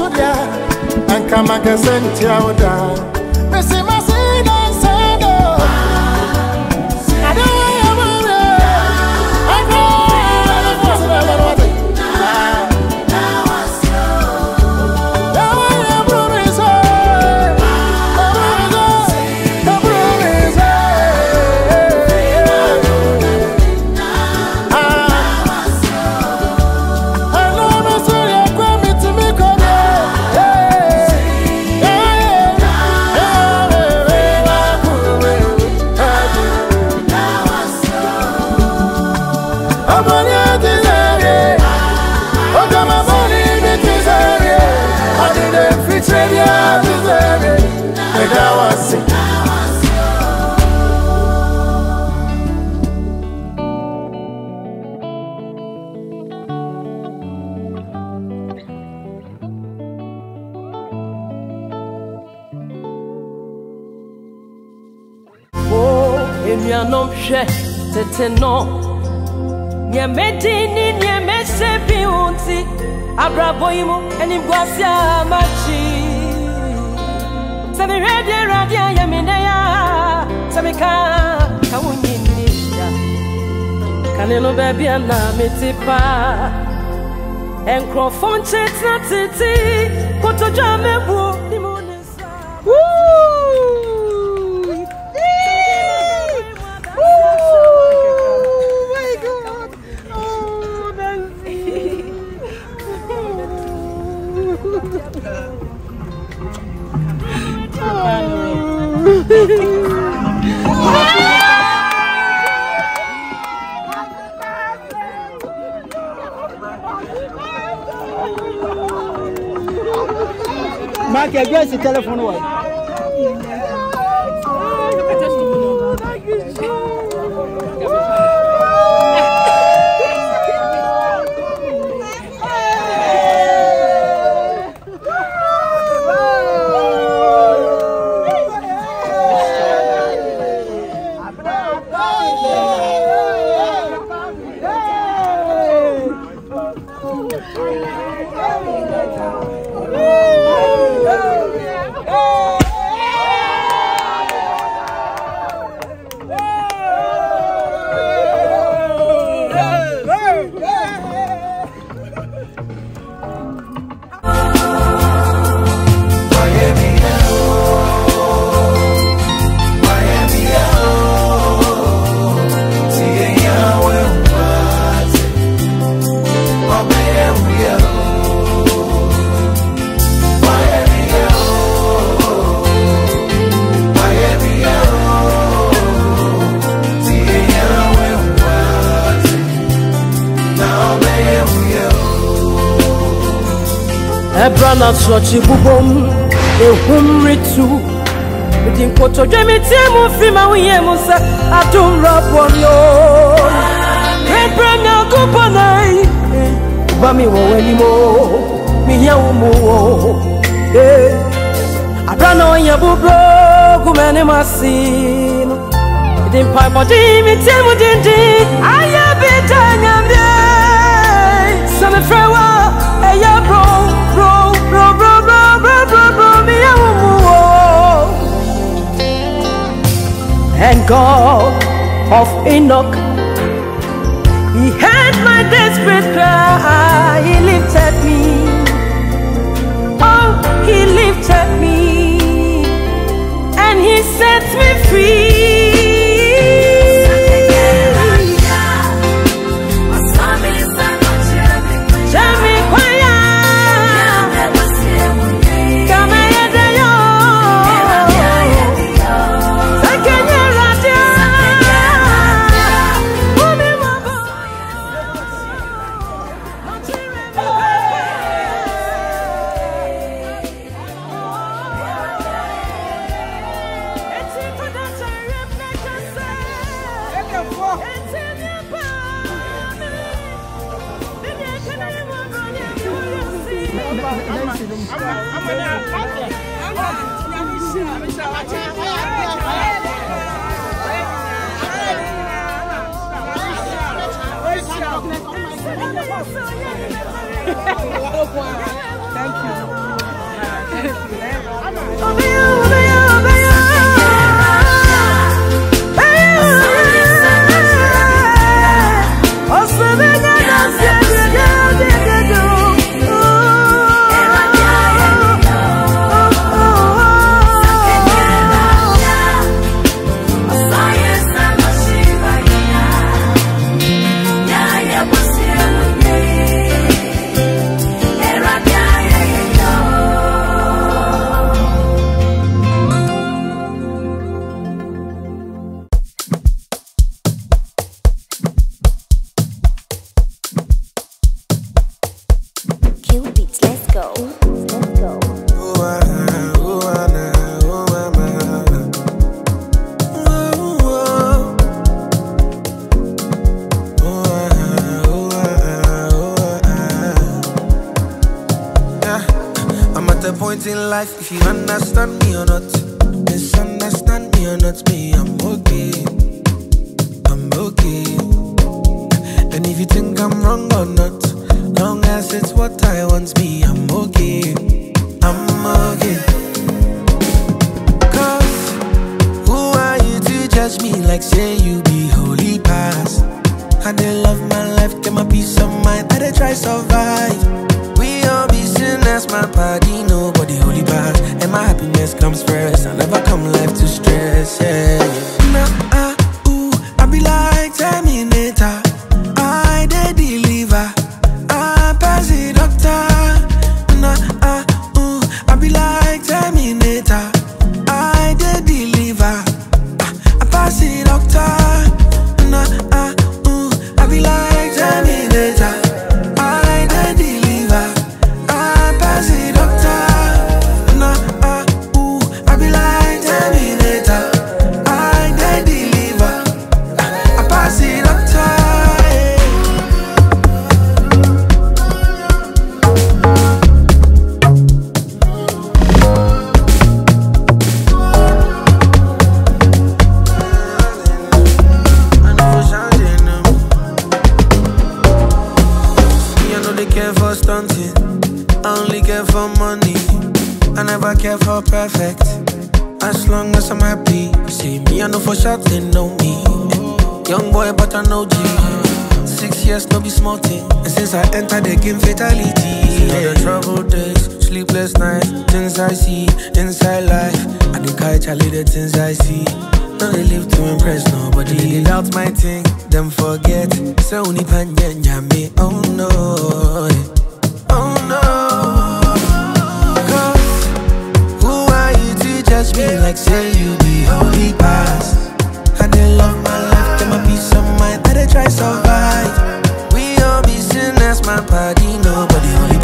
sudia, and Kamaka sent Yauda. Messima. nuanom hwɛ tete no nyɛmɛ din ni nyɛmɛ hyɛ bi wo nti abrabɔ yi mu animguase a makyi sɛ mehwɛ deɛ awurade ayɛ me nnɛ a sɛ meka ka wo nyini ya kane no baabi a na mete paa ɛnkurɔfoɔ nkyɛ tena kotodwa a Mark, I guess the telephone away. na na church bubom ehumritu di nkoto dwemi tie mu fi ma wuye mu sɛ adum rɔbɔ yo pɛpɛ nyankopɔ nai ba eh. mi wɔ w'anim o mihia wo mu o ee abra na ɔnyɛ bubro gu m'anim ase no di mpaebɔden mi tie mu denden ayɛ bi da nyame sɛ mefrɛ and God of Enoch. He heard my desperate cry, He lifted me. Oh, He lifted me, and He set me free. you think I'm wrong or not, long as it's what I once be. for shots, they know me. Young boy, but I know G. Six years, no be small thing. And since I entered the game, fatality. All the troubled days, sleepless nights, things I see inside life. I the guy Charlie, the things I see. No, they live to impress nobody. They did out my thing, them forget. So, only pan me. Oh no. Oh no. Cause who are you to judge me like say you be holy past? my peace of mind, I try survive. We all be sinners, my party, nobody only.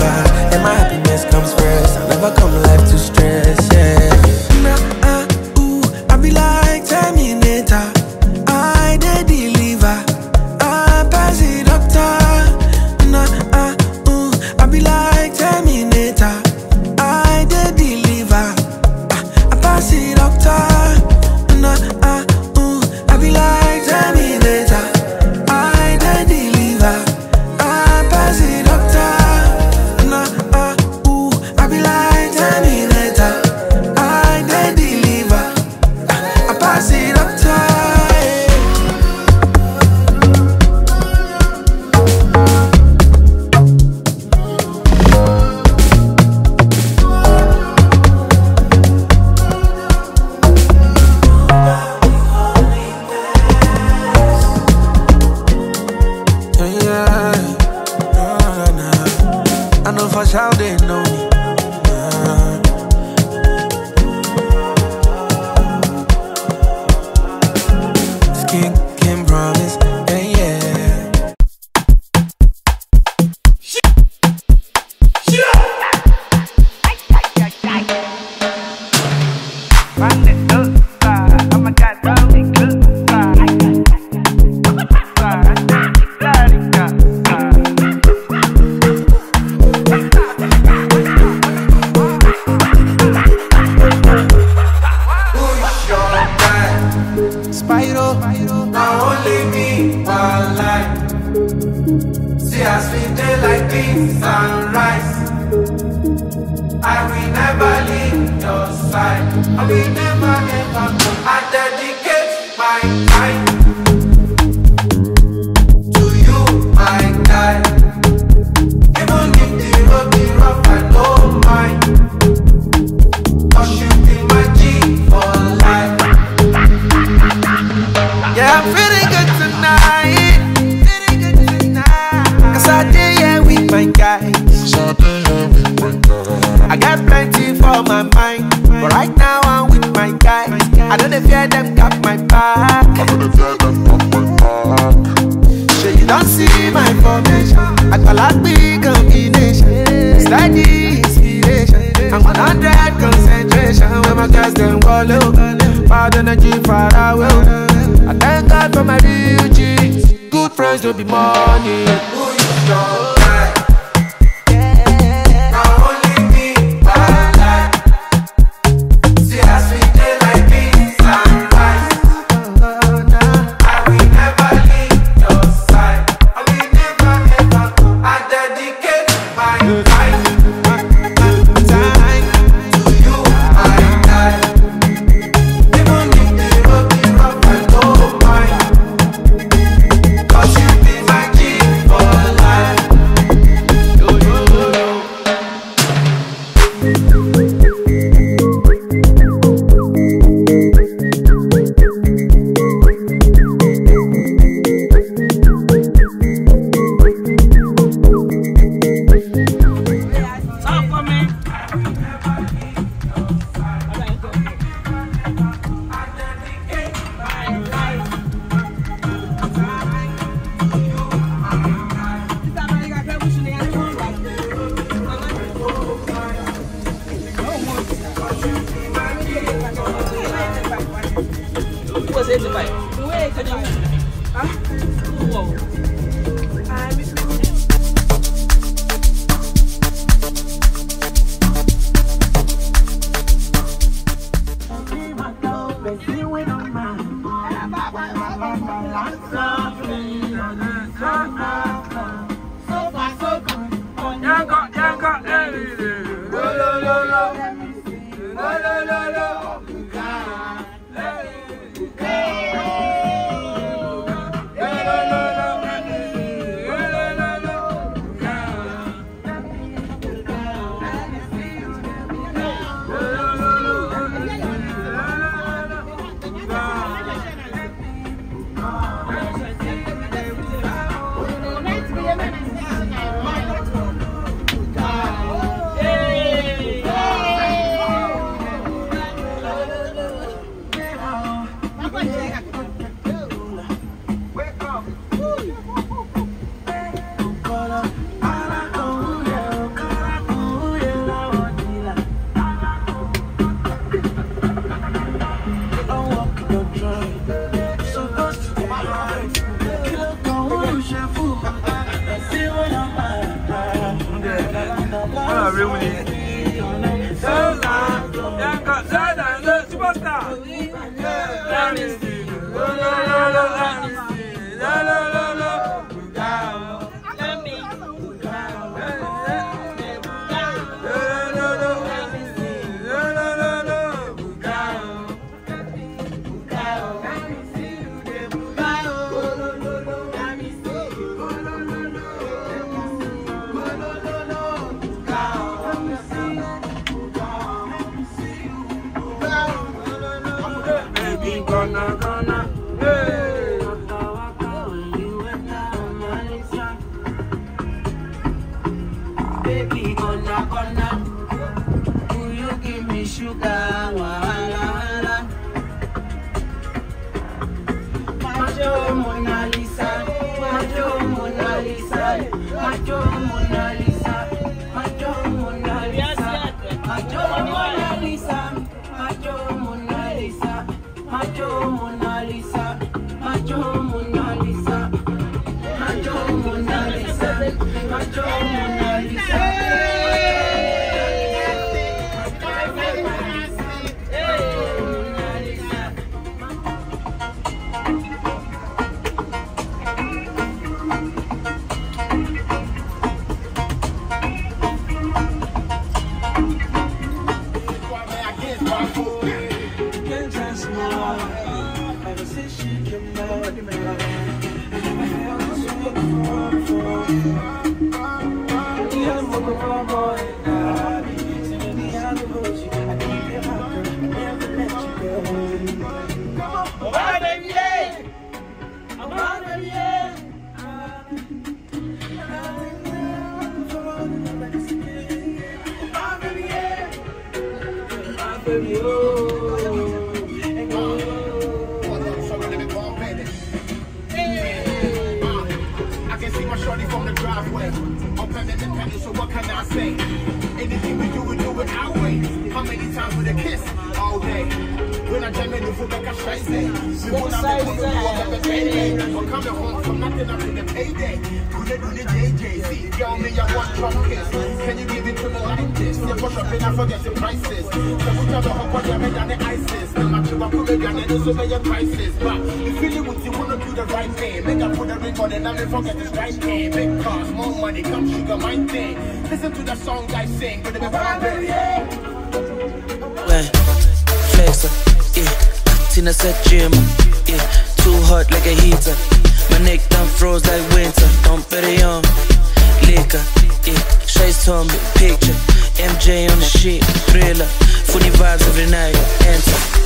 What's up? I really so what can I say? Anything we do, we do it our way. How many times with a kiss all day? na jembe nivuke home from nothing up the payday Kule duni JJZ Girl me ya one drop kiss Can you give it to me like this? Ya push up and I forget the prices Sakuta the hot body me dane ISIS Na machiwa kume gane no so me crisis But you would wanna do the right thing Make I put a ring and I forget this right thing Big cars, more money, come sugar my thing Listen to the song I sing But the baby, yeah in a set gym. Yeah, too hot like a heater. My neck done froze like winter. Don't bet it on liquor. Yeah, Shay's told picture. MJ on the shit, thriller. Funny vibes every night. Enter.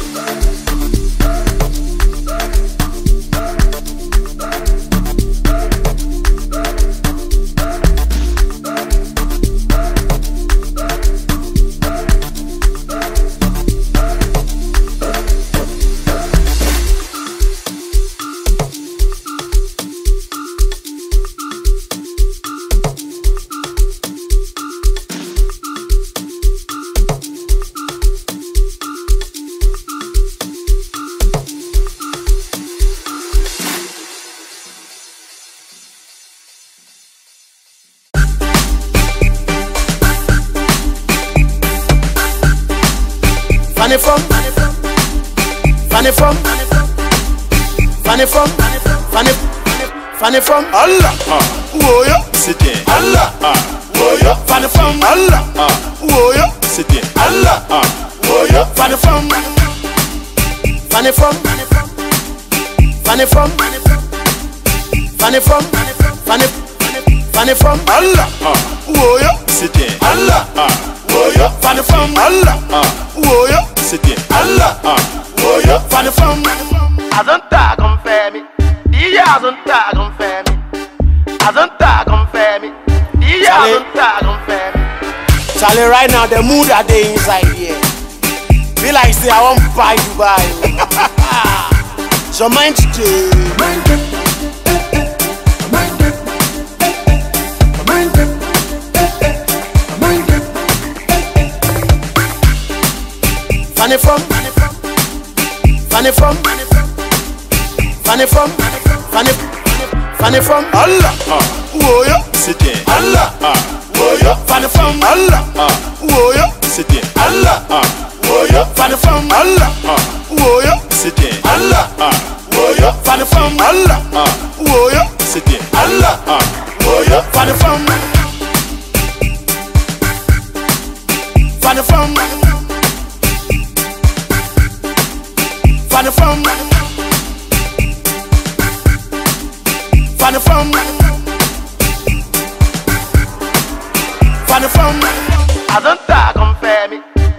Fanny from Allah. Ah. Whoa, yo. Sit down. Allah. Ah. Whoa, yo. Fanny from Allah. Ah. Whoa, yo. Sit down. Allah. Whoa, yo. Fanny from. Fanny from. Fanny from. Fanny from. Fanny. Fanny from. Allah. Whoa, yo. Sit down. Allah. Whoa, yo. Fanny from. Allah. Whoa, yo. Sit down. Allah. Whoa, yo. Fanny from. I don't talk on family. Dia Charlie, right now the mood I dey inside here. Be like say I will wan buy Dubai. so mind today. Mind Fanny from, Fanny from, Fanny from. Fanny from, Fanny, Fanny from Allah. Uh. Whoa yo, sit there. Allah. Uh. Whoa yo, Fanny from Allah. Uh. Whoa yo, sit there. Allah. Whoa yo, Fanny from Allah. Whoa yo, sit there. Allah. Whoa yo, Fanny from Allah. Whoa yo, sit there. Allah. Whoa yo, Fanny from. Fanny from. Fanny from. Find the from Find the from I don't talk on family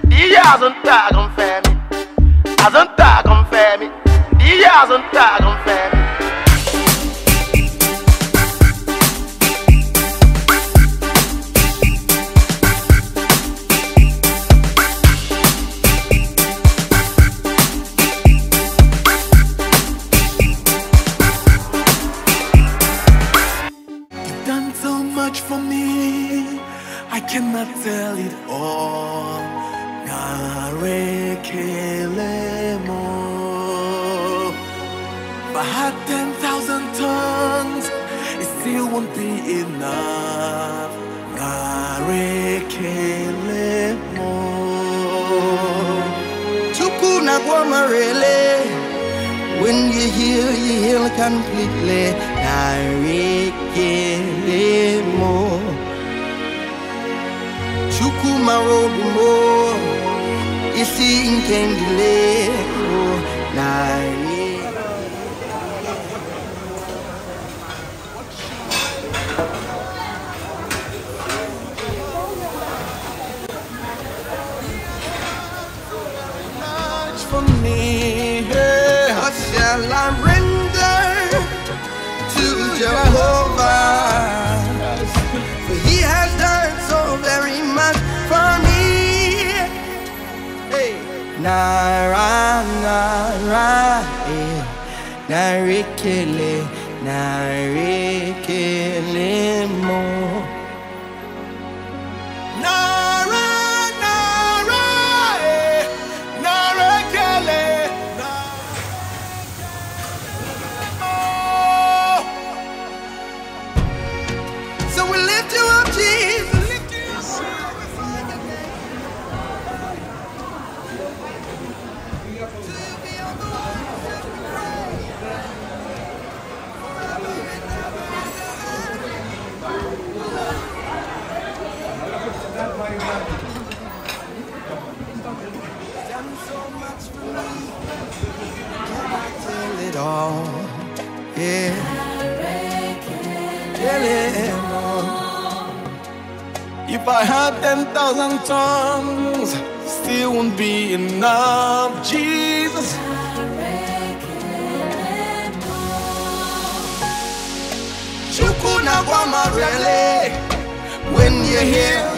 The years don't on family I don't on family The years don't on family cannot tell it all. Narekelemo. If I had 10,000 tongues, it still won't be enough. Narekelemo. Tuku nagwamarele. When you heal, you heal completely. Narekelemo. my be more. You see, came delay. Oh, night. Not really, not really, mo. If I had 10,000 tongues, still won't be enough, Jesus. Chukuna Guamarele, when you're here.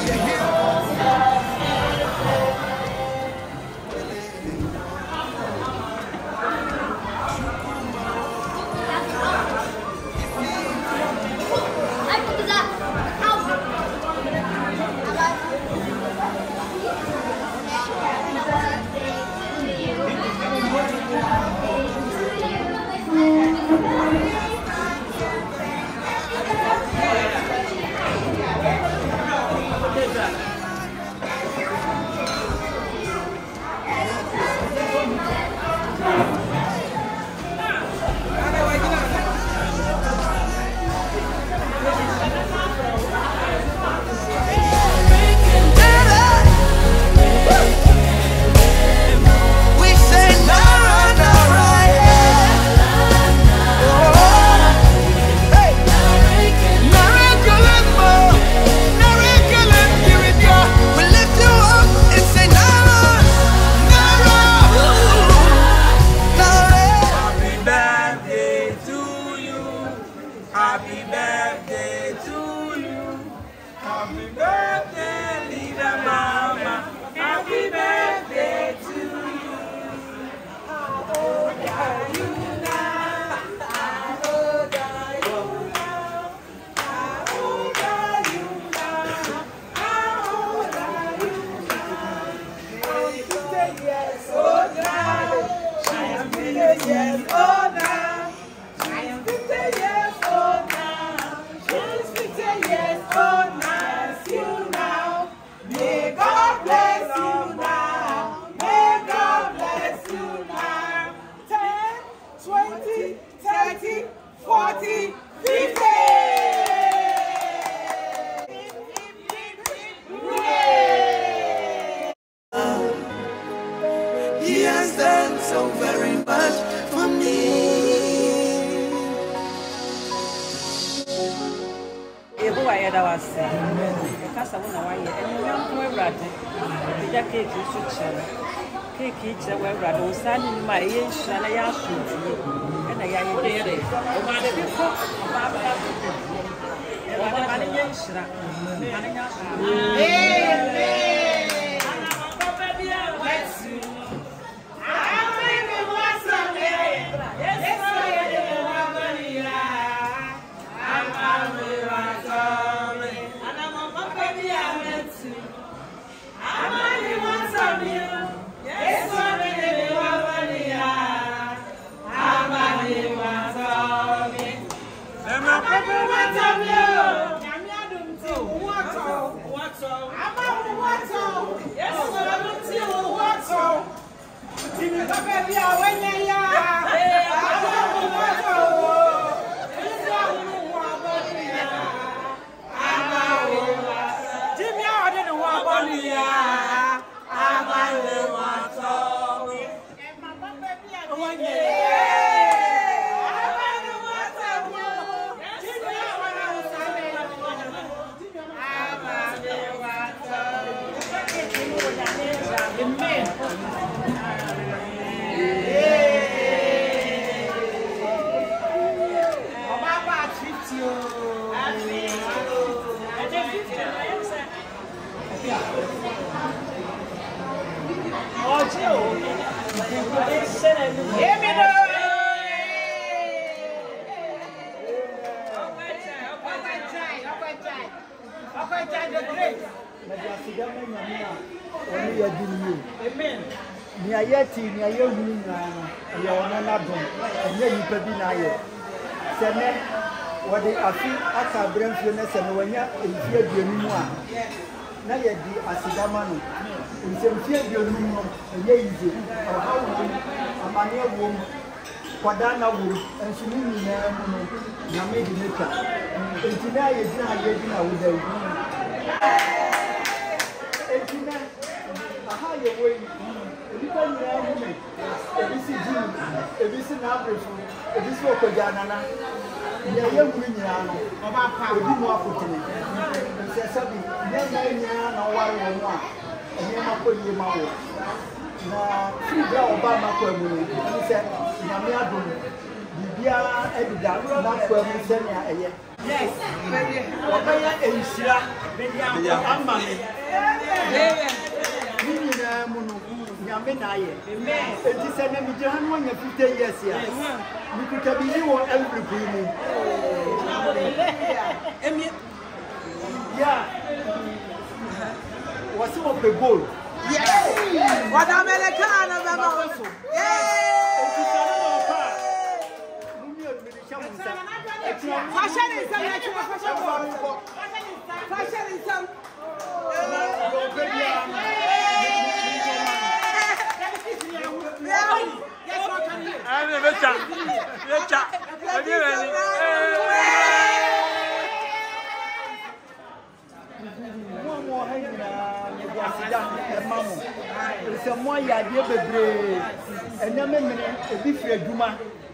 saa ne nnwuma ɛyɛ nhyira na yɛ asomdwie ɛna yɛayɛ dɛ bi kɔ ɔbaa bɛyɛ asomdwie ɛwɔ ma ne nyɛ nhyira ma ne nyɛ asomdwie Yes, I'm a little water. Èmi lọ. Ɔno yɛ di ni o. Nea yɛ ti nea yɛ wu nyinaa no, ɛyɛ ɔno n'adɔn, ɛnyɛ nipa bi n'ayɛ. Sɛ nɛ wɔde afi aka abirɛ nsuo nɛ sɛ na wɔnya mfie aduonu mu a, na yɛde asedama no nsɛmfie aduonum no ɛnyɛ yiye ɔha wom amanneɛ wom kwadaa na wom nso ne nyinaa mu no nyame de ne twa enti na yɛgyina ha yɛgyina woda yi enti na aha yɛwɔ yi nnipa nyinaa hu me ebi si jim ebi si n'abrefo ebi si okogya nana yɛ yɛ nkuru nyinaa no ɔba apa obi mu afotene nsɛ sɛbi nyɛma nyinaa na ɔware wɔn a nneɛma kɔ yie ma wɔ na firi bi a ɔba ama kɔ mu no ɛni sɛ nyame adum biribiara ɛdeda n'afɔ mu sɛnea ɛyɛ ɔbɛyɛ nhyira ama me nyame na ayɛ enti sɛ na megyina ha no wanya 50 years a mekuta bini wɔ ɛmbrebo mu ya wɔ se wɔpɛ goal wɔdamɛne kaa no bɛma wo so Fashion is a is fashion. Fashion is a. ẹni mẹ́ta mẹ́ta onírẹ̀ ni. sɛ mo ayɛ adeɛ bebree ɛnɛma mene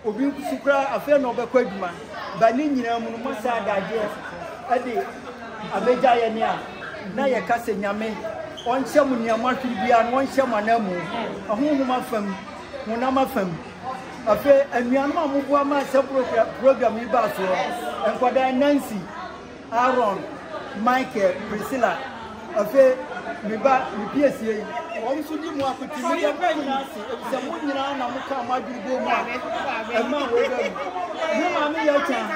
obi obi nso afei na ɔbɛkɔ adwuma ba ne nyinaa mu no moasa adadeɛ ɛde abɛgya yɛ ne a na yɛka sɛ nyame ɔnhyɛ mo nneɛma hwere biara na ɔnhyɛ mo anaa mu ɔhonhom afam honam afam afei anuanom a moboa ma sɛ program yi baa soɔ nkwadaa nancy aaron michael priscilla afei me ba me piesie yi wɔn nso di mu akutu mi yɛ bɛn nyinaa se ebisɛ mo nyinaa na mo ka mo aduru bo mu a ɛmu a wɔbɛ mu mo maame yɛ kyan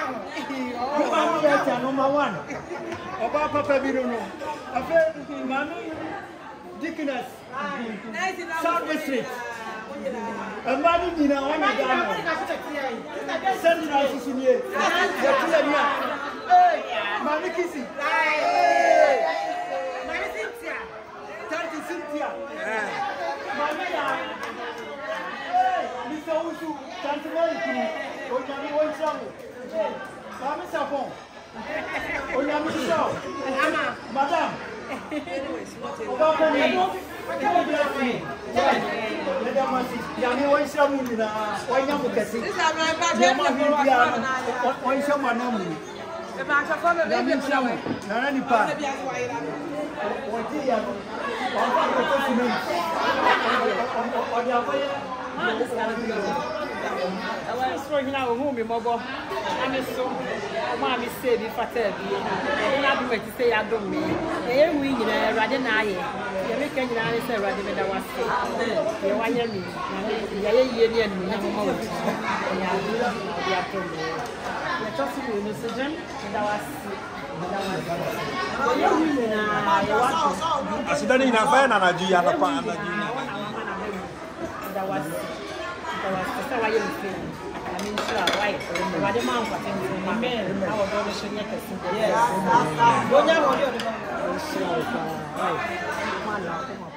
mo maame yɛ kyan noma one ɔbaa papa bi no no afei maame dikines ah. south district mmaa no nyinaa wɔn na ghana sɛ nyinaa soso nie yɛtu yɛ nia maame kisi maame cynthia tante cynthia maame yaa mr wusu tante mary kunu onyame wɔn kyerɛ wo maame sapɔn onyame kyerɛ wo madam ɔbaa bɔ mi nyame wɔnhyɛ mu nyinaa wɔnyɛ mo kɛse nyama bi biara wɔnhyɛ mo anam mu nyame nhyɛ mo nana nipa wɔgye yɛ no ɔmfa kɔkɔ simenti ɔde akɔyɛ ɛwɔ nsoro nyina ohun mi mɔbɔ ami so ɔmo ami se bi fata bi ɛdi na adum eti se yadum mi ɛyɛ ewu nyinaa ɛwurade na ayɛ yɛmi kɛ nyinaa ne sɛ ɛwurade mi da wa se yɛ wa yɛ mi yɛ yɛ yie ne ɛnum ne mɔmɔ wɔ ti ɛyɛ adu ɛdi adum mi yɛ tɔ so wɔ nusu gyɛn da wa se asidani nyinaa fɛn nana ju yi anapa anaju yi waye mutum amin cewa wai ba da ma amfani da kuma a wa dole shi ne ka su da yes don ya wani wani ba insha Allah wai kuma na kuma